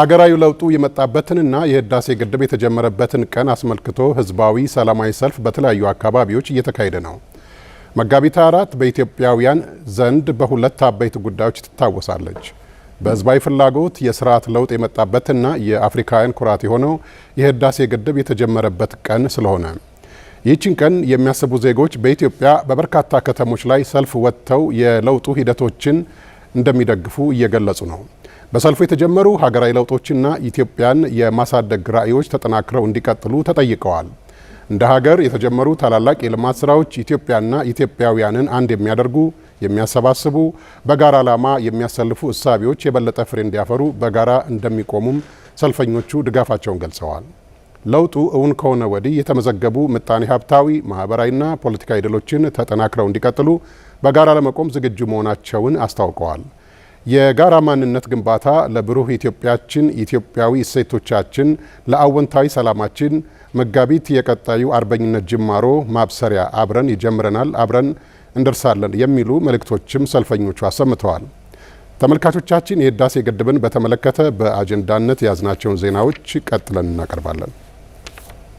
ሀገራዊ ለውጡ የመጣበትንና የህዳሴ ግድብ የተጀመረበትን ቀን አስመልክቶ ህዝባዊ ሰላማዊ ሰልፍ በተለያዩ አካባቢዎች እየተካሄደ ነው። መጋቢት አራት በኢትዮጵያውያን ዘንድ በሁለት አበይት ጉዳዮች ትታወሳለች። በህዝባዊ ፍላጎት የስርዓት ለውጥ የመጣበትና የአፍሪካውያን ኩራት የሆነው የህዳሴ ግድብ የተጀመረበት ቀን ስለሆነ ይህችን ቀን የሚያስቡ ዜጎች በኢትዮጵያ በበርካታ ከተሞች ላይ ሰልፍ ወጥተው የለውጡ ሂደቶችን እንደሚደግፉ እየገለጹ ነው። በሰልፉ የተጀመሩ ሀገራዊ ለውጦችና ኢትዮጵያን የማሳደግ ራዕዮች ተጠናክረው እንዲቀጥሉ ተጠይቀዋል። እንደ ሀገር የተጀመሩ ታላላቅ የልማት ስራዎች ኢትዮጵያና ኢትዮጵያውያንን አንድ የሚያደርጉ የሚያሰባስቡ፣ በጋራ ዓላማ የሚያሰልፉ እሳቢዎች የበለጠ ፍሬ እንዲያፈሩ በጋራ እንደሚቆሙም ሰልፈኞቹ ድጋፋቸውን ገልጸዋል። ለውጡ እውን ከሆነ ወዲህ የተመዘገቡ ምጣኔ ሀብታዊ ማህበራዊና ፖለቲካዊ ድሎችን ተጠናክረው እንዲቀጥሉ በጋራ ለመቆም ዝግጁ መሆናቸውን አስታውቀዋል። የጋራ ማንነት ግንባታ ለብሩህ ኢትዮጵያችን፣ ኢትዮጵያዊ እሴቶቻችን፣ ለአወንታዊ ሰላማችን መጋቢት የቀጣዩ አርበኝነት ጅማሮ ማብሰሪያ አብረን ይጀምረናል፣ አብረን እንደርሳለን የሚሉ መልእክቶችም ሰልፈኞቹ አሰምተዋል። ተመልካቾቻችን የህዳሴ ግድብን በተመለከተ በአጀንዳነት የያዝናቸውን ዜናዎች ቀጥለን እናቀርባለን።